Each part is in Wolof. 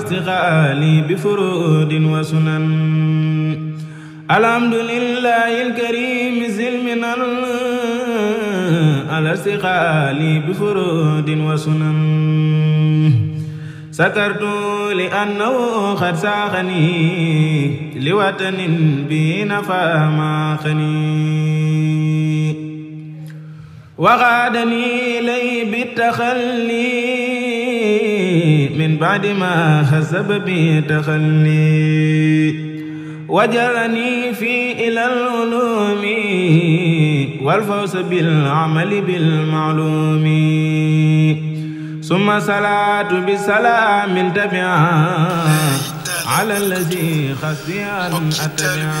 واستغالي بفروض وسنن الحمد لله الكريم زلمنا على استغالي بفروض وسنن سكرت لأنه قد ساقني لوطن به نفى ما خني waxaadani lay bi taxalli min baadi ma xasaba bi taxalli wajalani fi ilal ulumi wal fawsa bil amali bil maalumi summa salaatu bi salaamin tabia ala lazi xasiyan atabia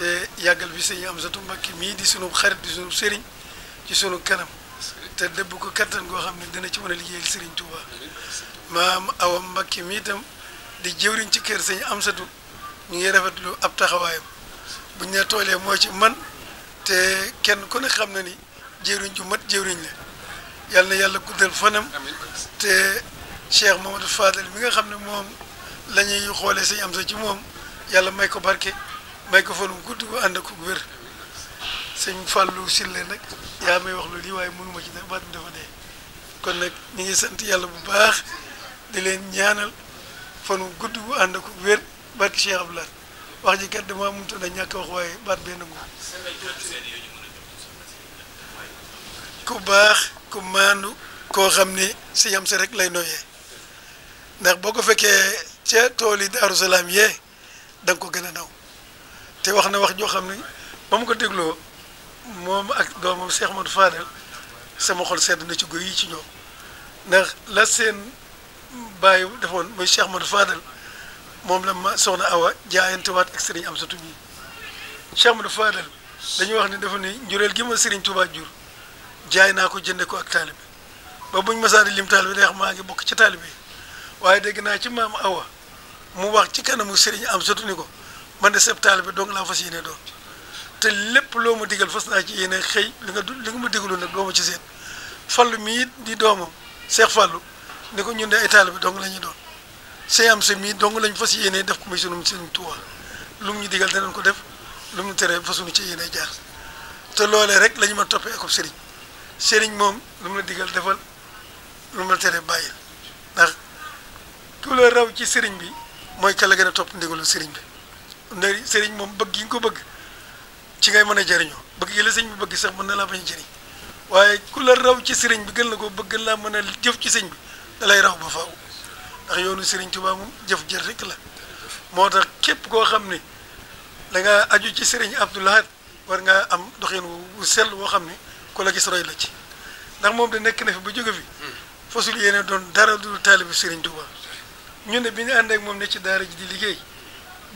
te yàggal fi sëñ Amsatu mbakki mii di sunu xarit di sunu sëriñ ci sunu kanam te debbu ko kattan goo xam ne dina ci mën a liggéeyal sëriñ Touba maam Awa Mbàkke mii itam di jëwriñ ci kër sëñ Amsatu ñu ngi rafetlu ab taxawaayam buñ ne toolee mooy ci man te kenn ku ne xam na ni jëwriñ ju mat jëwriñ la yàlla na yàlla guddal fanam te Cheikh Mamadou Fadal mi nga xam ne moom la ñuy xoolee sëñ Amsatu ci moom yàlla may ko barke may ko fan wu gudd ko ànd ko wér sëñ Fallou Sille nag yaa may wax loolu yi waaye mënuma ci dara baat mi dafa dee kon nag ñu ngi sant yàlla bu baax di leen ñaanal fan wu gudd ko ànd ko wér baat ki wax ji kat damaa mënut a ñàkk wax waaye baat koo xam ni si yam si rek lay noyee ndax boo ko fekkee ca tool yi Daaru Salaam yee da ko gën a naw te wax na wax joo xam ni ba mu ko dégloo moom ak doomam Cheikh Modou Fadel sama xol sedd na ci góor yi ci ñoom la seen bàyyi defoon mooy Cheikh Modou Fadel moom la ma soxna Awa jaayantewaat ak Serigne Amsatou mi Cheikh Modou Fadel dañuy wax ni dafa ni njureel gi ma Serigne Touba jur jaay naa ko jënde ko ak taalibe ba buñ masaani lim taalibe day wax maa ngi bokk ci taalibe waaye dégg naa ci maam Awa mu wax ci kanamu Serigne Amsatou ni ko man de sëb taal bi dong laa fas yéene doon te lépp loo ma digal fas naa ci yéene xëy li nga li nga ma digalu nag doo ci seet fallu mii di doomam Cheikh Fallou ni ko ñun de ay bi dong la ñuy doon séyam sa mii dong lañ fas yéene def ko muy sunu sunu Tuubaa lu mu ñu digal danañ ko def lu mu tere fasunu ci yéene jaar te loolee rek la ma toppee ak sëriñ sëriñ moom lu la digal defal lu mu la tere bàyyil ndax ku la raw ci sëriñ bi mooy ka la gën a topp ndigalu sëriñ bi ndari sëriñ moom bëgg yi ko bëgg ci ngay mën a jëriñoo bëgg yi sëñ bi bëgg sax mën na laa bañ a jëriñ waaye ku la raw ci sëriñ bi gën la ko bëgg laa mën a jëf ci sëñ lay raw ba faaw ndax yoonu sëriñ Tuubaa moom jëf jër la moo tax képp koo xam ne da aju ci sëriñ Abdou war ngaa am doxin wu sell woo xam ne ku la la ci ndax moom da nekk na fi ba jóge fi hmm. fasul yéene doon dara dul taalibu sëriñ Tuubaa ñu ne bi ñu àndeek moom ne ci daara ji di liggéey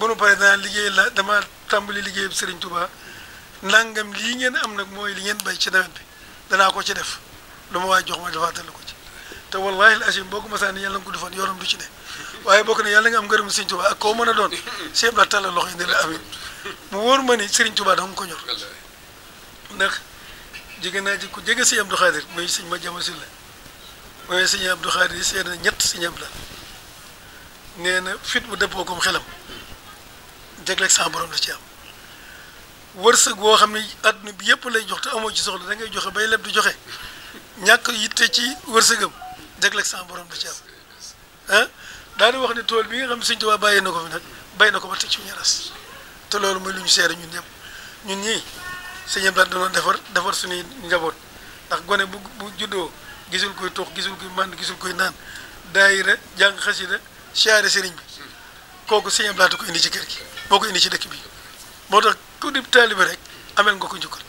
bu nu paree danaa liggéey la dama tàmbali liggéey bi Serigne Touba nangam lii ngeen am nag mooy li ngeen bay ci nawet bi danaa ko ci def lu ma waay jox ma defaatal la ko ci te wallahi asim boo ko masaan yàlla nga ko defoon yoonam du ci ne waaye bokk ne yàlla nga am ngërëm Serigne Touba ak koo mën a doon seeb la tàllal loxo yi ne la amin mu wóor ma ni Serigne Touba danga ko ñor ndax jege naa ji ku jege sëñ Abdou Khadir muy sëñ ma jama sil la mooy sëñ Abdou Khadir yi seen ñett sëñ Abdou la nee fit bu dëppoo comme xelam jagleeg sa da la ci am wërsëg woo xam ne àdduna bi yëpp lay jox te amoo ci soxla da ngay joxe bay leb di joxe ñàkk yitte ci wërsëgam jagleeg sa borom la ci am ah daal di wax ne tool bi nga xam ne Sëñ waa bàyyee na ko fi nag bay na ko ba teg ci ñaras te loolu mooy lu ñu seere ñun ñëpp ñun ñii sëñ Abdou doon defar defar suñuy njaboot ndax gone bu bu juddoo gisul koy tuux gisul koy man gisul koy naan daayira jàng xasida siyaare sëriñ bi kooku sëñ Abdou ko indi ci kër gi boo ko indi ci dëkk bi moo tax ku di taalibe rek amel nga ko njukkal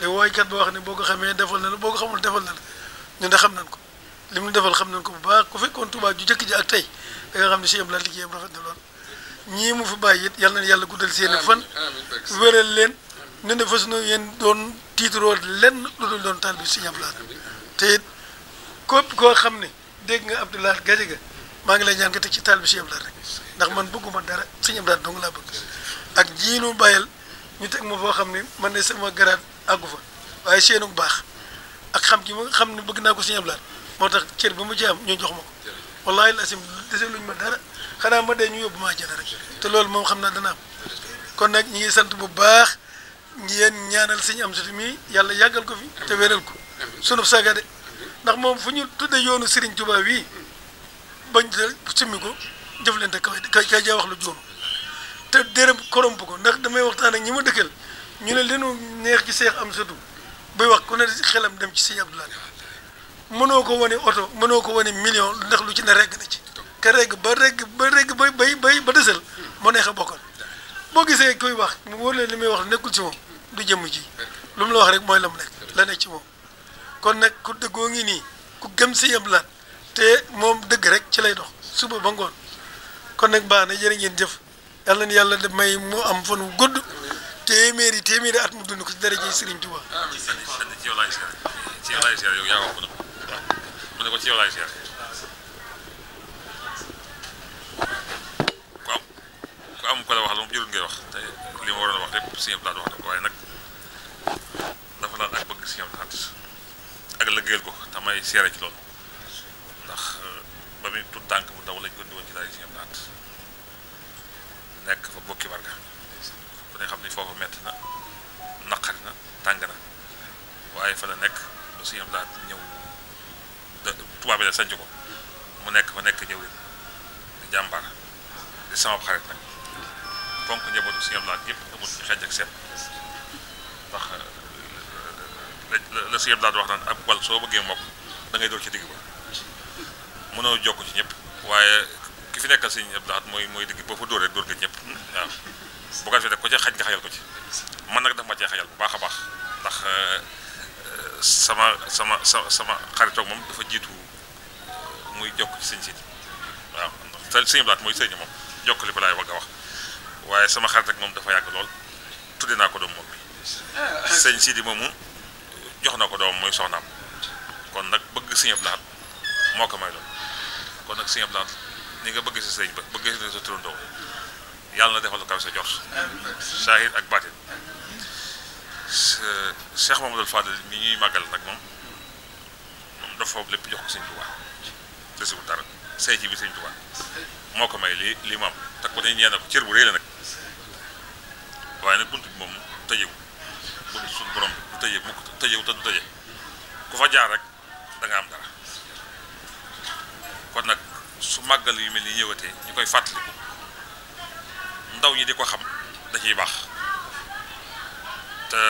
léegi kat boo xam ne boo ko xamee defal na la boo ko xamul defal na la ñu ne xam nañ ko li mu defal xam nañ ko bu baax ku fekkoon Tuubaa ju jëkk ak tey da nga xam ne Cheikh Ibra liggéeyam rafet na lool ñii mu fi bàyyi it yal na yàlla guddal seen fan wéral leen ne ne fas na yéen doon tiitroo lenn lu dul doon taal si Sëñ Abdou Lahad te it képp koo xam ne dégg nga Abdou Lahad Gadiaga maa ngi lay ñaan nga ci taal bi Cheikh Abdoulaye rek ndax man bëgguma dara Sëñ Abdoulaye dong laa bëgg ak jii nu ñu teg ma foo xam ne man ne sama garaat àggu fa waaye seenu baax ak xam gi ma xam ne bëgg naa ko Sëñ Abdoulaye moo tax cër bi mu ci am ñu jox ma ko wallaahi lasim dese luñ ma dara xanaa ma dee ñu yóbbu maa jëna rek te loolu moom xam naa dana kon nag ñu ngi sant bu baax ngeen ñaanal Sëñ Amsatu mii yàlla yàggal ko fi te wéral ko sunub saga de ndax moom fu ñu tudde yoonu Sëriñ Tuubaa wii bañ jël simmi ko jëf leen te kaw kay kay jaa wax lu juum te dérëm koromp ko ndax damay waxtaan ak ñi ma dëkkal ñu ne leenu neex ci seex am sadu bay wax ku ne xelam dem ci sëñ Abdoulaye mënoo ko wane oto mënoo ko wane million ndax lu ci na regg na ci te regg ba regg ba regg bay bay ba desal moo neex a bokkal boo gisee kuy wax mu wóor leen li muy wax nekkul ci moom du jëmm ji lu mu la wax rek mooy la mu nekk la nekk ci moom kon nag ku dëggoo ngi nii ku gëm sëñ Abdoulaye te moom dëgg rek ci lay dox suba ba ngoon kon nag baax na jërë ngeen jëf yàlla na yàlla may mu am fan wu gudd téeméeri téeméeri at mu dund ko ci daraja Sëriñ Tuubaa. ci yow laay seer ci yow ko am ko la wax la moom jërul ngay wax te li ma waroon a wax lépp Sëriñ Abdu Lahat wax waaye nag dafa laal ak bëgg Sëriñ Abdu Lahat ak lëggeel ko te may seere ci loolu. doom yi tànk bu ndaw lañ ko ndiwoon ci daal di seen fa bokki barga ku ne xam metti na naqari na tàng waaye fa la nekk ba ñëw tubaab bi la sanc ko mu nekk fa nekk ñëw di jàmbaar di sama xarit nag fonk njabootu sëñ Abdou Lahad yëpp amul ci xej ak seet ndax la sëñ Abdou wax naan ab wal soo bëggee mokk da ngay door ci digg ba mënoo jokk ci ñëpp waaye ki fi nekkal sëñ Abdou Lahad mooy mooy digg boo fa dóor rek dóor nga ñëpp boo bu ko defee ko ci xaj nga ko ci man nag daf ma bu baax a baax ndax euh, sama sama sa sama xaritoog moom dafa jiitu euh, muy jokk ci sëñ si waaw ndax sëñ mooy sëñ moom jokk li ko laay bëgg wax waaye sama xarit moom dafa yàgg lool tudde naa ko doom moom bi ah. sëñ Sidi moomu jox na ko doom mooy soxnaam kon nag bëgg sëñ Abdou Lahad moo ko may lool kon si sëñ Abdoulaye ni nga bëgg si sëñ ba bëgg si sa turandoo yàlla na defal lu kaw sa jot saahir ak baatin Cheikh Mamadou mi ñuy màggal nag moom dafa foofu lépp jox ko sëñ Tuubaa desi bu dara say bi sëñ Tuubaa moo ko may lii li maam te ko ne ñeena ko cër bu rëy la waaye nag bunt bi moom tëjewu bunt suñu borom bu tëjee mukk tëjewu te tëje ku fa jaar rek danga am dara kon nag su màggal yu mel ni ñëwatee ñu koy fàttaliku ndaw ñi di ko xam da baax te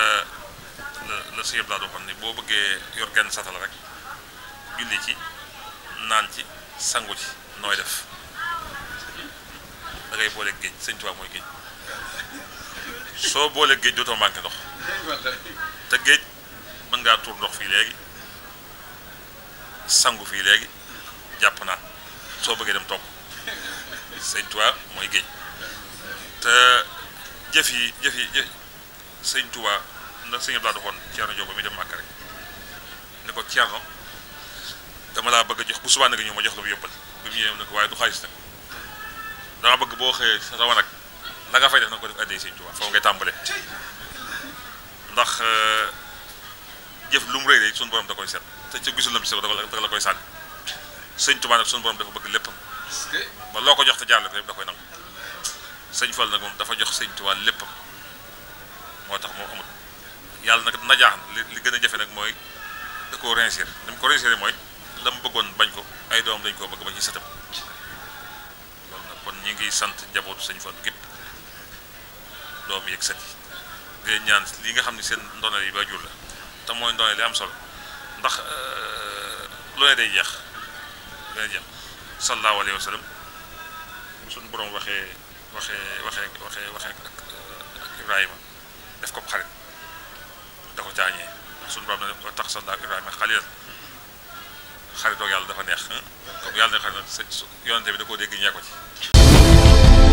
la la sëñ Abdoulaye waxoon ni boo bëggee yor genn satala rek julli ci naan ci sangu ci nooy def da boole géej sëñ Tuubaa mooy géej soo boole géej dootoo manqué ndox te géej mën ngaa tuur ndox fii léegi sangu fii léegi jàpp naa soo bëggee dem togg sëñ Tuubaa mooy géej te jëf yi jëf yi jë sëñ Tuubaa na sëñ Abdou doxoon muy dem Màkka rek ko Ceerno dama laa bëgg jox bu subaa nga ñëw ma jox la bu yóbbal ko waaye du xaalis nag dama bëgg boo xëyee rawan ak la nga fay def na ko def addee sëñ Tuubaa foofu ngay tàmbalee ndax euh, jëf lu mu rëy rek sunu da koy seet te ci gisul na bi sa da la koy sànni sëñ Tuubaa nag suñu borom dafa bëgg léppam ba loo ko jox te jàll ko yëpp da sëñ Fall nag moom dafa jox sëñ Tuubaa lépp moo tax moom amut yàlla nag na jaaxam li gën a jafe nag mooy da ko réussir ni mu ko réussir mooy la mu bëggoon bañ ko ay doom dañ koo bëgg ba ñu sëtam loolu nag kon ñi ngi sant njabootu sëñ Fall gépp doom yeeg sët yi ñaan li nga xam ne seen ndone yi ba jur la te mooy ndone li am solo ndax euh, lu ne day jeex dana jëm sallallahu alayhi wa sallam suñu borom waxee waxee waxee waxee waxee ak Ibrahima def ko xarit da ko caañee ndax suñu borom na tax sallallahu Ibrahima xalilan xaritoo yàlla dafa neex ah, comme yàlla na xarit nag sa yonante bi da koo dégg ñee ko ci